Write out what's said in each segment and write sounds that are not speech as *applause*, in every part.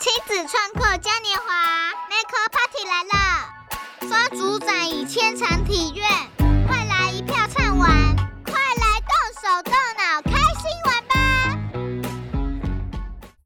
親子創客嘉年華，Maker、那個、Party 來了，雙竹展已千場體驗，快來一票暢玩，快來動手動腦開心玩吧！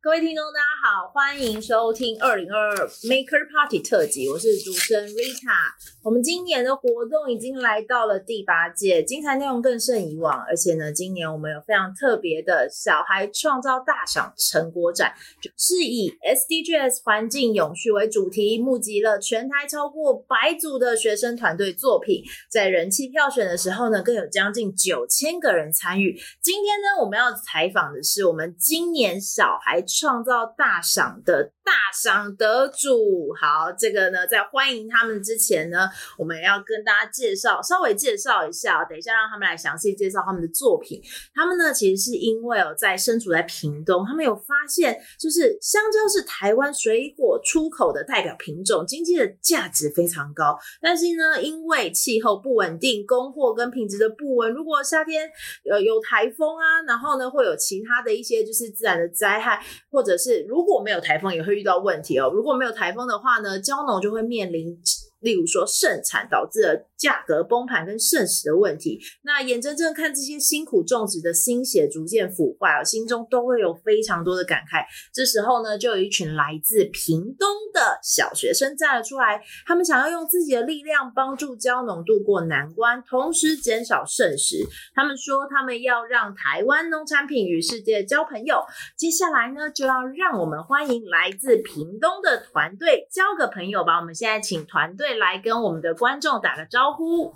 各位聽眾呢、啊？好，歡迎收聽二零二二 Maker Party 特輯，我是主持人 Rita。我們今年的活動已經來到了第八屆，精彩內容更勝以往。而且呢，今年我們有非常特別的小孩創造大賞成果展，就是以 SDGs 環境永續為主題，募集了全台超過百組的學生團隊作品。在人氣票選的時候呢，更有將近九千個人參與。今天呢，我們要採訪的是我們今年小孩創造大。想的。大賞得主，好，這個呢，在歡迎他們之前呢，我們要跟大家介紹，稍微介紹一下，等一下讓他們來詳細介紹他們的作品。他們呢，其實是因為哦、喔，在身處在屏東，他們有發現，就是香蕉是台灣水果出口的代表品種，經濟的價值非常高。但是呢，因為氣候不穩定，供貨跟品質的不穩，如果夏天有有台風啊，然後呢會有其他的一些就是自然的災害，或者是如果沒有台風也會。遇到問題哦，如果沒有颱風的話呢，蕉農就會面臨。例如說，盛產導致了價格崩盤跟剩食的問題，那眼睜睜看這些辛苦種植的心血逐漸腐壞，心中都會有非常多的感慨。這時候呢，就有一群來自屏東的小學生站了出來，他們想要用自己的力量幫助蕉農渡過難關，同時減少剩食。他們說，他們要讓台灣農產品與世界交朋友。接下來呢，就要讓我們歡迎來自屏東的團隊，蕉個朋友吧。我們現在請團隊。來跟我們的觀眾打個招呼。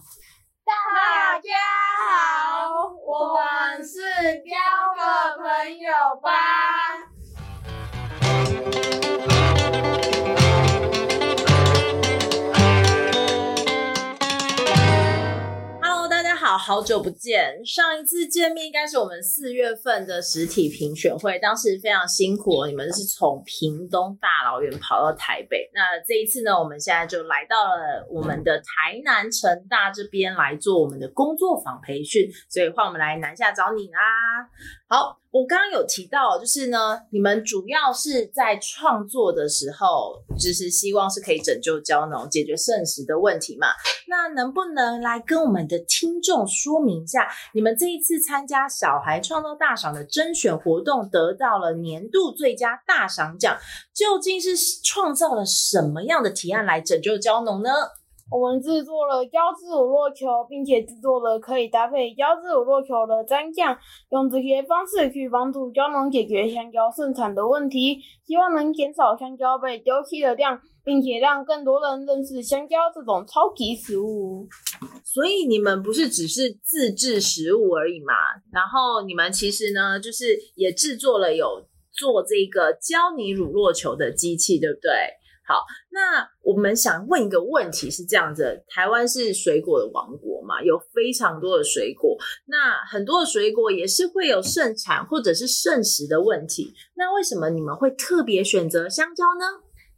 大家好，我們是蕉個朋友吧。好久不見，上一次見面應該是我們四月份的實體評選會，當時非常辛苦哦，你們是從屏東大老遠跑到台北。那這一次呢，我們現在就來到了我們的台南成大這邊來做我們的工作坊培訓，所以換我們來南下找你啦、啊。好。我剛剛有提到，就是呢，你們主要是在創作的時候，只是希望是可以拯救蕉農，解決剩食的問題嘛？那能不能來跟我們的聽眾說明一下，你們這一次參加小孩創造大賞的徵選活動，得到了年度最佳大賞獎，究竟是創造了什麼樣的提案來拯救蕉農呢？我們製作了蕉質乳酪球，並且製作了可以搭配蕉質乳酪球的蘸醬，用這些方式去幫助蕉農解決香蕉剩產的問題，希望能減少香蕉被丟棄的量，並且讓更多人認識香蕉這種超級食物。所以你們不是只是自制食物而已嘛？然後你們其實呢，就是也製作了有做這個蕉泥乳酪球的機器，對不對？好，那我們想問一個問題是這樣子：台灣是水果的王國嘛？有非常多的水果，那很多的水果也是會有剩產或者是剩食的問題。那為什麼你們會特別選擇香蕉呢？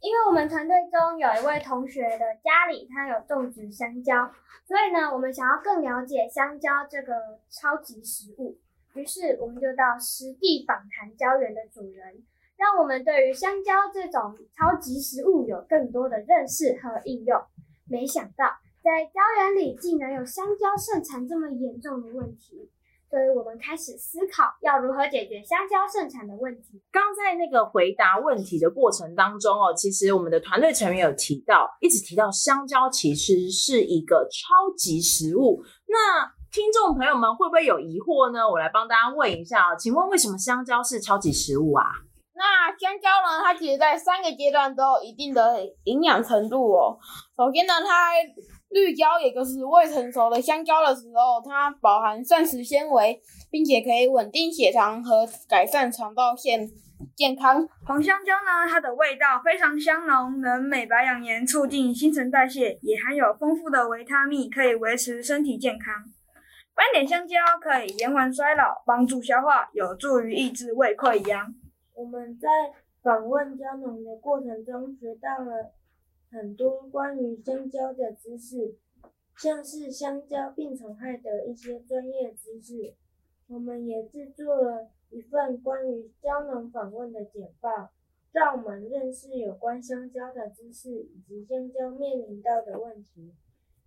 因為我們團隊中有一位同學的家裡，他有種植香蕉，所以呢，我們想要更了解香蕉這個超級食物，於是我們就到實地訪談蕉園的主人。讓我們對於香蕉這種超級食物有更多的認識和應用。沒想到在蕉園裡竟然有香蕉盛產這麼嚴重的問題，所以我們開始思考要如何解決香蕉盛產的問題。剛在那個回答問題的過程當中哦，其實我們的團隊成員有提到，一直提到香蕉其實是一個超級食物。那聽眾朋友們會不會有疑惑呢？我來幫大家問一下啊、哦，請問為什麼香蕉是超級食物啊？那香蕉呢？它其實在三個階段都有一定的營養程度哦。首先呢，它綠蕉，也就是未成熟的香蕉的時候，它飽含膳食纖維，並且可以穩定血糖和改善腸道線健康。紅香蕉呢，它的味道非常香濃，能美白養顏，促進新陳代謝，也含有豐富的維他命，可以維持身體健康。斑點香蕉可以延緩衰老，幫助消化，有助於抑制胃潰瘍。 *noise* 我們在訪問蕉農的過程中，學到了很多關於香蕉的知識，像是香蕉病蟲害的一些專業知識。我們也制作了一份關於蕉農訪問的簡報，讓我們認識有關香蕉的知識以及香蕉面臨到的問題，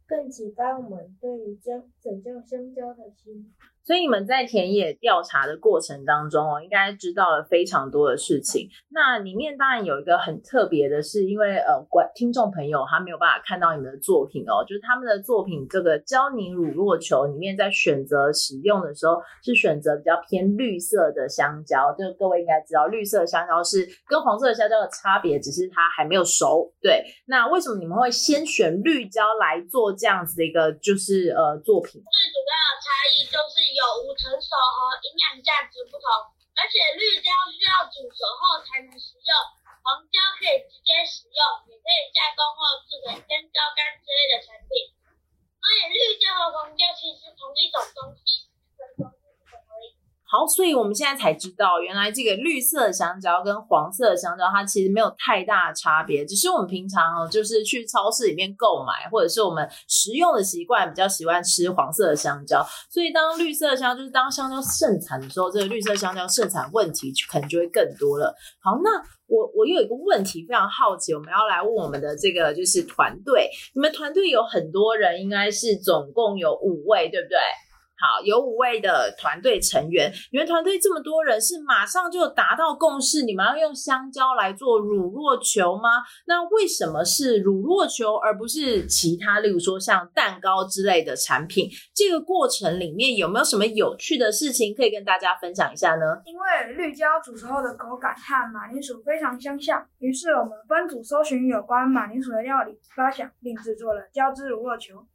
更啟發我們對於將拯救香蕉的心。所以你們在田野調查的過程當中哦，應該知道了非常多的事情。那裡面當然有一個很特別的是，是因為呃，觀聽眾朋友他沒有辦法看到你們的作品哦，就是他們的作品這個蕉泥乳酪球裡面在選擇使用的時候是選擇比較偏綠色的香蕉，就各位應該知道綠色香蕉是跟黃色的香蕉的差別只是它還沒有熟。對，那為什麼你們會先選綠蕉來做這樣子的一個就是呃作品？主要的差異就是有無成熟和營養價值不同，而且綠蕉需要煮熟後才能食用，黃蕉可以直接食用，也可以加工後製成香蕉乾之類的產品。所以，綠蕉和黃蕉其實是同一種東西。好，所以我們現在才知道，原來這個綠色香蕉跟黃色香蕉它其實沒有太大的差別，只是我們平常、哦、就是去超市裡面購買，或者是我們食用的習慣比較喜歡吃黃色的香蕉。所以當綠色的香蕉就是當香蕉盛產的時候，這個綠色香蕉盛產問題可能就會更多了。好，那我我又有一個問題非常好奇，我們要來問我們的這個就是團隊，你們團隊有很多人，應該是總共有五位，對不對？好，有五位的團隊成員，你們團隊這麼多人是馬上就有達到共識，你們要用香蕉來做乳酪球嗎？那為什麼是乳酪球而不是其他，例如說像蛋糕之類的產品？這個過程裡面有沒有什麼有趣的事情可以跟大家分享一下呢？因為綠蕉煮熟後的口感和馬鈴薯非常相像，於是我們分組搜尋有關馬鈴薯的料理，發想並制作了蕉汁乳酪球。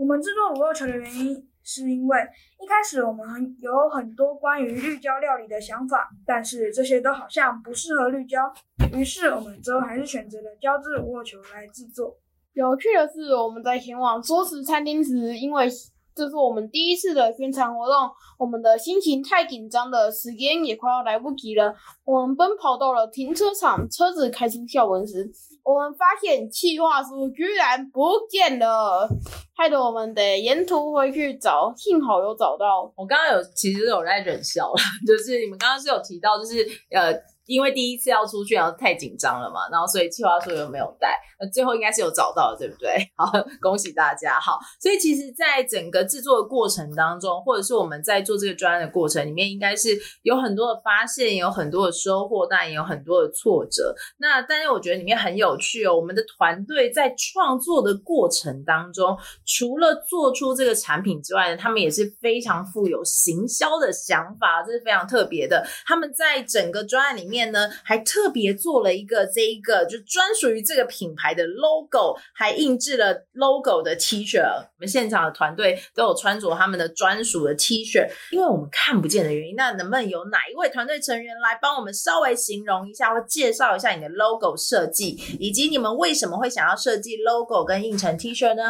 我們制作無肉球的原因，是因為一開始我們很有很多關於綠蕉料理的想法，但是這些都好像不適合綠蕉，於是我們最後還是選擇了蕉質無肉球來制作。有趣的是，我們在前往素食餐廳時，因 *noise* 為 *noise* 這是我們第一次的宣傳活動，我們的心情太緊張了，時間也快要來不及了。我們奔跑到了停車場，車子開出校門時，我們發現企劃書居然不見了，害得我們得沿途回去找，幸好有找到。我剛剛有其實有在忍笑了，就是你們剛剛是有提到，就是呃。因為第一次要出去，然後太緊張了嘛，然後所以企劃書，又沒有帶，那最後應該是有找到的，對不對？好，恭喜大家！好，所以其實在整個製作的過程當中，或者是我們在做這個專案的過程裡面，應該是有很多的發現，有很多的收穫，但也有很多的挫折。那但是我覺得裡面很有趣哦，我們的團隊在創作的過程當中，除了做出這個產品之外呢，他們也是非常富有行銷的想法，這是非常特別的。他們在整個專案裡面，呢，還特別做了一個這一個就專屬於這個品牌的 logo，還印制了 logo 的 T 恤。我們現場的團隊都有穿着他們的專屬的 T 恤，因為我們看不見的原因。那能不能有哪一位團隊成員來幫我們稍微形容一下，或介紹一下你的 logo 設計，以及你們為什麼會想要設計 logo 跟印成 T 恤呢？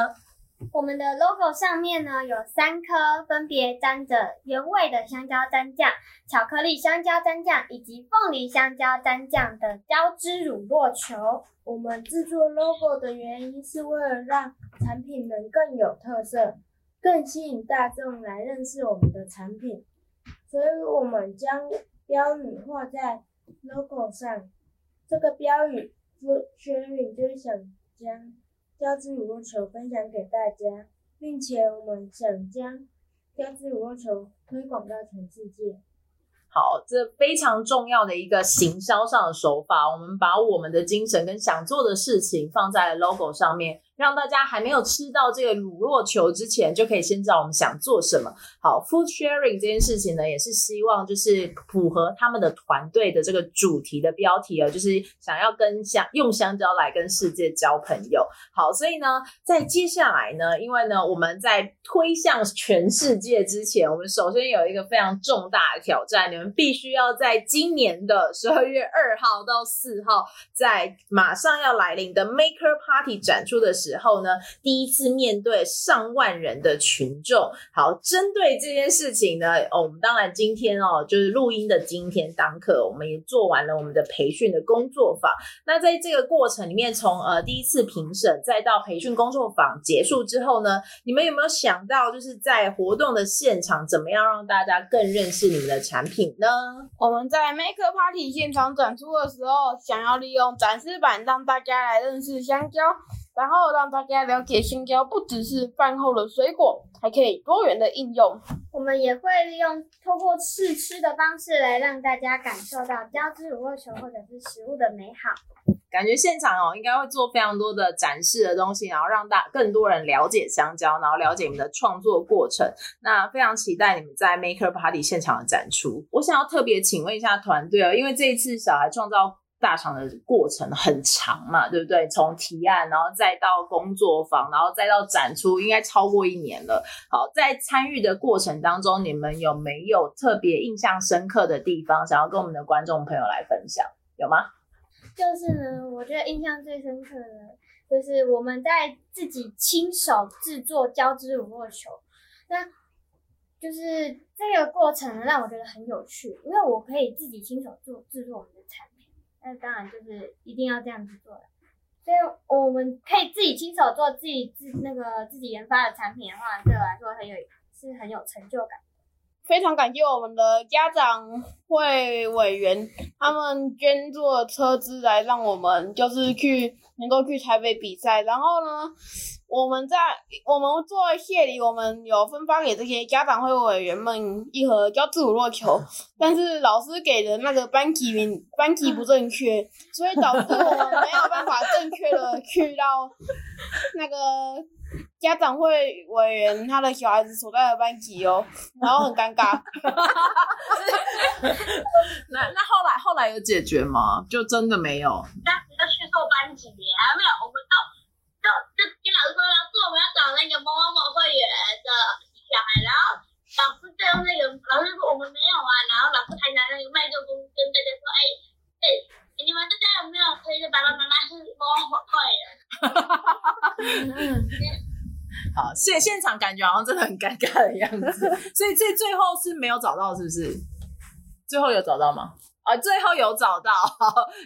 我們的 logo 上面呢，有三顆分別沾着原味的香蕉蘸醬、巧克力香蕉蘸醬以及鳳梨香蕉蘸醬的蕉汁乳酪球。我們制作 logo 的原因是為了讓產品能更有特色，更吸引大眾來認識我們的產品，所以我們將標語畫在 logo 上。這個標語 Food Journey 就是想將，標誌無求分享給大家，並且我們想將標誌無求推廣到全世界。好，這非常重要的一個行銷上的手法，我們把我們的精神跟想做的事情放在 logo 上面。讓大家還沒有吃到這個乳酪球之前，就可以先知道我們想做什麼。好，food sharing 這件事情呢，也是希望就是符合他們的團隊的這個主題的標題哦，就是想要跟香用香蕉來跟世界交朋友。好，所以呢，在接下來呢，因為呢我們在推向全世界之前，我們首先有一個非常重大的挑戰，你們必須要在今年的十二月二號到四號，在馬上要來臨的 Maker Party 展出的時候，時候呢，第一次面對上萬人的群眾，好，針對這件事情呢，哦，我們當然今天哦，就是錄音的今天當刻，我們也做完了我們的培訓的工作坊。那在這個過程裡面從，從呃第一次評審，再到培訓工作坊結束之後呢，你們有沒有想到，就是在活動的現場，怎麼樣讓大家更認識你們的產品呢？我們在 Maker Party 現場展出的時候，想要利用展示板讓大家來認識香蕉。然後讓大家了解香蕉不只是飯後的水果，還可以多元的應用。我們也會利用透過試吃的方式來讓大家感受到膠質乳酪球或者是食物的美好。感覺現場哦，應該會做非常多的展示的東西，然後讓大更多人了解香蕉，然後了解你們的創作過程。那非常期待你們在 Maker Party 現場的展出。我想要特別請問一下團隊哦，因為這一次小孩創造。大賞的過程很長嘛，對不對？從提案，然後再到工作坊，然後再到展出，應該超過一年了。好，在參與的過程當中，你們有沒有特別印象深刻的地方，想要跟我們的觀眾朋友來分享？有嗎？就是呢，我覺得印象最深刻的就是我們在自己親手製作蕉汁乳酪球，那就是這個過程讓我覺得很有趣，因為我可以自己親手做製作那當然就是一定要這樣子做的，所以我們可以自己親手做自己自那個自己研發的產品的話，對我來說很有是很有成就感。非常感謝我們的家長會委員，他們捐助車資來讓我們就是去能夠去台北比賽，然後呢。我們在我們做謝禮，我們有分發給這些家長會委員們一盒叫自主落球，但是老師給的那個班級名班級不正確，所以導致我們沒有辦法正確的去到那個家長會委員他的小孩子所在的班級哦，然後很尷尬。 *laughs* *laughs* *laughs* *laughs* 那那後來後來有解決嗎？就真的沒有？在在去做班級名沒有？我們到。就就跟老師說，老師我們要找那個某某某會員的小孩，然後老師最後那個老師說我們沒有啊，然後老師還拿那個麥克風跟大家說，哎、欸、哎、欸，你們大家有沒有誰的爸爸媽媽是某某某會員？哈哈哈哈哈。好，現現場感覺好像真的很尷尬的樣子，所以最最後是沒有找到，是不是？最後有找到嗎？最後有找到，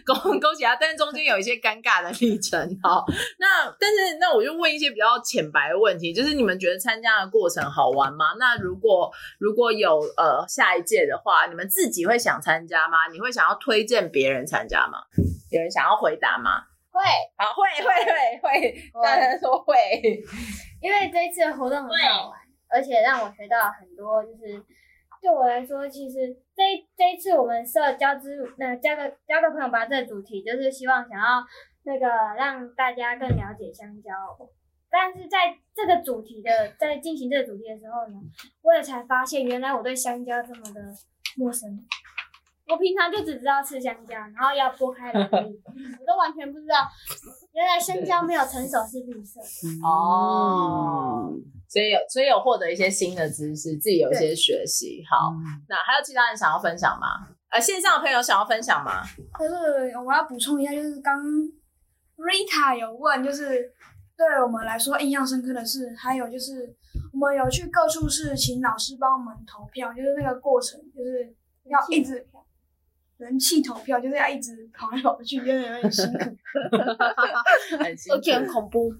恭恭喜他，但是中間有一些尷尬的歷程哈。那但是，那我就問一些比較淺白的問題，就是你們覺得參加的過程好玩嗎？那如果如果有呃下一屆的話，你們自己會想參加嗎？你會想要推薦別人參加嗎？有人想要回答嗎？會，好，會，會，會，會。大家說會，因為這一次的活動很好玩，哦、而且讓我學到很多，就是。對我來說，其實這一這一次我們社交之那、呃、蕉個蕉個朋友吧，這個主題就是希望想要那個讓大家更了解香蕉。但是在這個主題的在進行這個主題的時候呢，我也才發現，原來我對香蕉這麼的陌生。我平常就只知道吃香蕉，然後要剝開外皮 *laughs* 我都完全不知道，原來香蕉沒有成熟是綠色哦。Oh. 所以有，所以有獲得一些新的知識，自己有一些學習。好，那還有其他人想要分享嗎？呃，線上的朋友想要分享嗎？可是我們要補充一下，就是剛 Rita 有問，就是對我們來說印象深刻的是，還有就是我們有去各處是請老師幫我們投票，就是那個過程，就是要一直人氣投票，就是要一直跑來跑去，就是有點辛苦，而且很恐怖。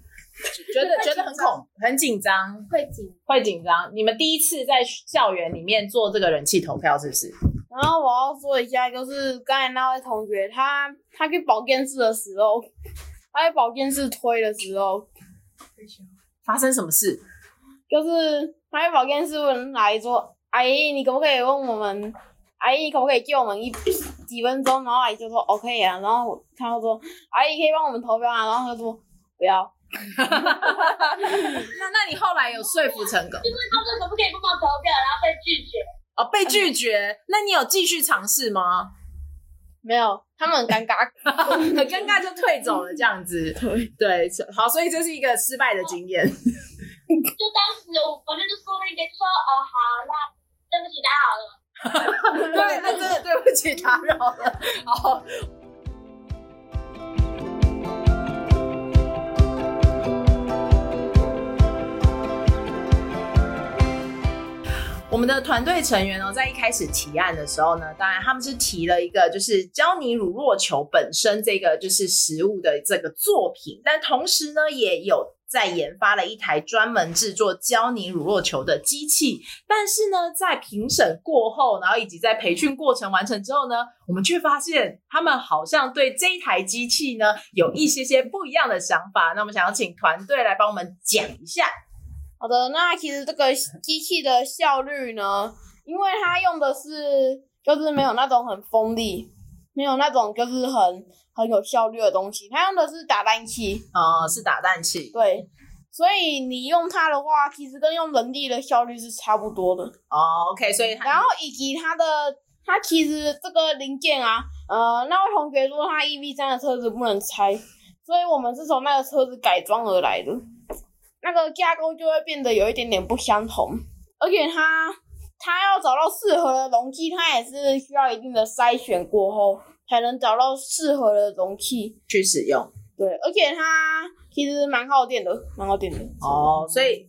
覺得覺得很恐，很緊張，會緊，會緊張。你們第一次在校園裡面做這個人氣投票，是不是？然後我要說一下，就是剛才那位同學，他他去保健室的時候，他去保健室推的時候，發生什麼事？就是他去保健室問阿姨說，阿姨，你可不可以問我們阿姨可不可以借我們一幾分鐘？然後阿姨就說 OK 啊，然後他就說阿姨可以幫我們投票啊，然後他就說不要。 *laughs* *laughs* *laughs* 那，那你後來有說服成功？因為、 *music* 就是、他說可不可以不放投票，然後被拒絕？哦，被拒絕。 *laughs* 那你有繼續嘗試嗎？ *music* 沒有，他們很尷尬， *laughs* *laughs* 很尷尬就退走了。這樣子，對，好，所以這是一個失敗的經驗。 *laughs* *laughs* 就當時我本來就說了一個，說哦，好，那對不起打擾了。 *laughs* *laughs* 對，那真的對不起打擾了。然 *laughs* 後。 *laughs* *laughs* 我們的團隊成員呢，在一開始提案的時候呢，當然他們是提了一個，就是蕉泥乳酪球本身這個就是食物的這個作品，但同時呢，也有在研發了一台專門制作蕉泥乳酪球的機器。但是呢，在評審過後，然後以及在培訓過程完成之後呢，我們卻發現他們好像對這一台機器呢有一些些不一樣的想法。那我們想要請團隊來幫我們講一下。好的，那其實這個機器的效率呢，因為它用的是就是沒有那種很鋒利，沒有那種就是很很有效率的東西，它用的是打蛋器。哦，是打蛋器。對，所以你用它的話，其實跟用人力的效率是差不多的。哦，OK，所以然後以及它的它其實這個零件啊，呃，那位同學說他 EV3 的車子不能拆，所以我們是從那個車子改裝而來的。那個架構，就會變得有一點點不相同，而且它它要找到適合的容器，它也是需要一定的篩選過後才能找到適合的容器去使用。對，而且它其實蠻耗電的，蠻耗電的。哦，oh，所以。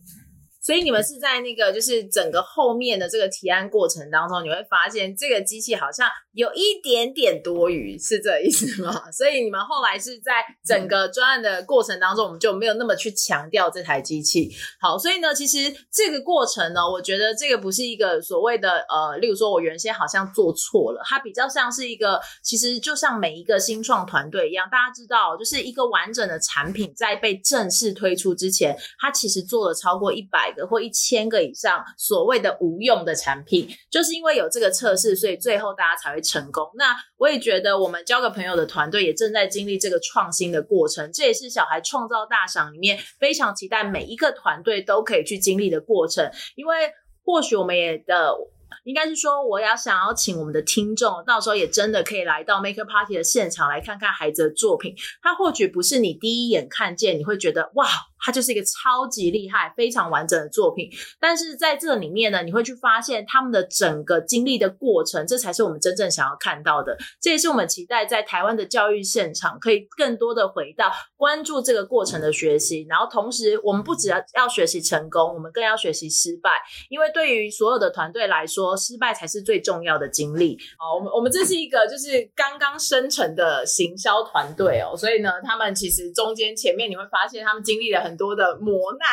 所以你們是在那個，就是整個後面的這個提案過程當中，你會發現這個機器好像有一點點多餘，是這意思嗎？所以你們後來是在整個專案的過程當中，我們就沒有那麼去強調這台機器。好，所以呢，其實這個過程呢，我覺得這個不是一個所謂的，呃，例如說我原先好像做錯了，它比較像是一個，其實就像每一個新創團隊一樣，大家知道，就是一個完整的產品在被正式推出之前，它其實做了超過一百個。或一千個以上所謂的無用的產品，就是因為有這個測試，所以最後大家才會成功。那我也覺得，我們蕉個朋友的團隊也正在經歷這個創新的過程，這也是小孩創造大賞裡面非常期待每一個團隊都可以去經歷的過程，因為或許我們也的。呃應該是說，我要想要請我們的聽眾，到時候也真的可以來到 Maker Party 的現場，來看看孩子的作品。他或許不是你第一眼看見，你會覺得哇，他就是一個超級厲害、非常完整的作品。但是在這裡面呢，你會去發現他們的整個經歷的過程，這才是我們真正想要看到的。這也是我們期待在台灣的教育現場，可以更多的回到關注這個過程的學習。然後同時，我們不只要要學習成功，我們更要學習失敗，因為對於所有的團隊來說。說失敗才是最重要的經歷。好，我們我們這是一個就是剛剛生成的行銷團隊哦，所以呢，他們其實中間前面你會發現他們經歷了很多的磨難，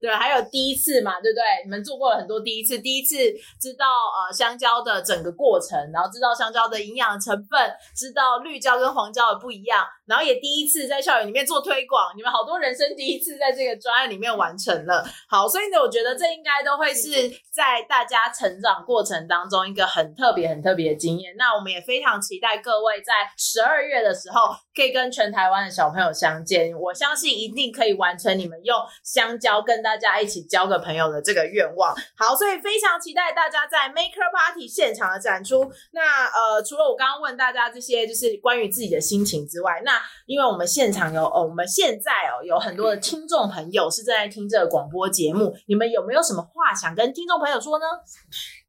對，還有第一次嘛，對不對？你們做過了很多第一次，第一次知道呃香蕉的整個過程，然後知道香蕉的營養成分，知道綠蕉跟黃蕉的不一樣，然後也第一次在校園裡面做推廣，你們好多人生第一次在這個專案裡面完成了。好，所以呢，我覺得這應該都會是在大家成長的。過程當中一個很特別、很特別的經驗，那我們也非常期待各位在十二月的時候可以跟全台灣的小朋友相見。我相信一定可以完成你們用香蕉跟大家一起交個朋友的這個願望。好，所以非常期待大家在 Maker Party 現場的展出。那呃，除了我剛剛問大家這些，就是關於自己的心情之外，那因為我們現場有哦，我們現在哦有很多的聽眾朋友是正在聽這個廣播節目，你們有沒有什麼話想跟聽眾朋友說呢？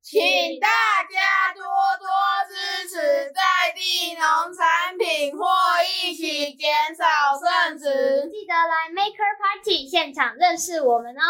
請大家多多支持在地農產品，或一起減少剩食。嗯，記得來 Maker Party 現場認識我們哦！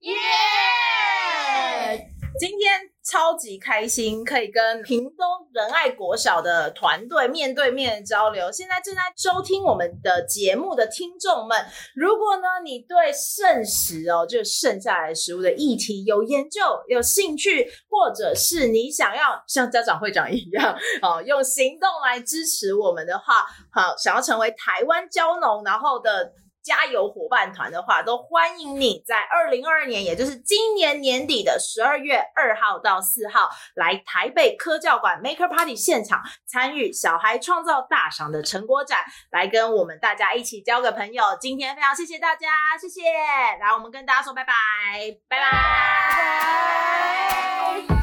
耶！yeah! yeah!！今天超級開心，可以跟屏東仁愛國小的團隊面對面交流。現在正在收聽我們的節目的聽眾們，如果呢你對剩食哦、喔，就剩下來食物的議題有研究、有興趣，或者是你想要像家長會長一樣，哦、喔，用行動來支持我們的話，好、喔，想要成為台灣蕉農，然後的。加油夥伴團的話，都歡迎你在二零二二年，也就是今年年底的十二月二號到四號，來台北科教館 Maker Party 現場參與小孩創造大賞的成果展，來跟我們大家一起蕉個朋友。今天非常謝謝大家，謝謝。來，我們跟大家說拜拜，拜拜。拜拜拜拜。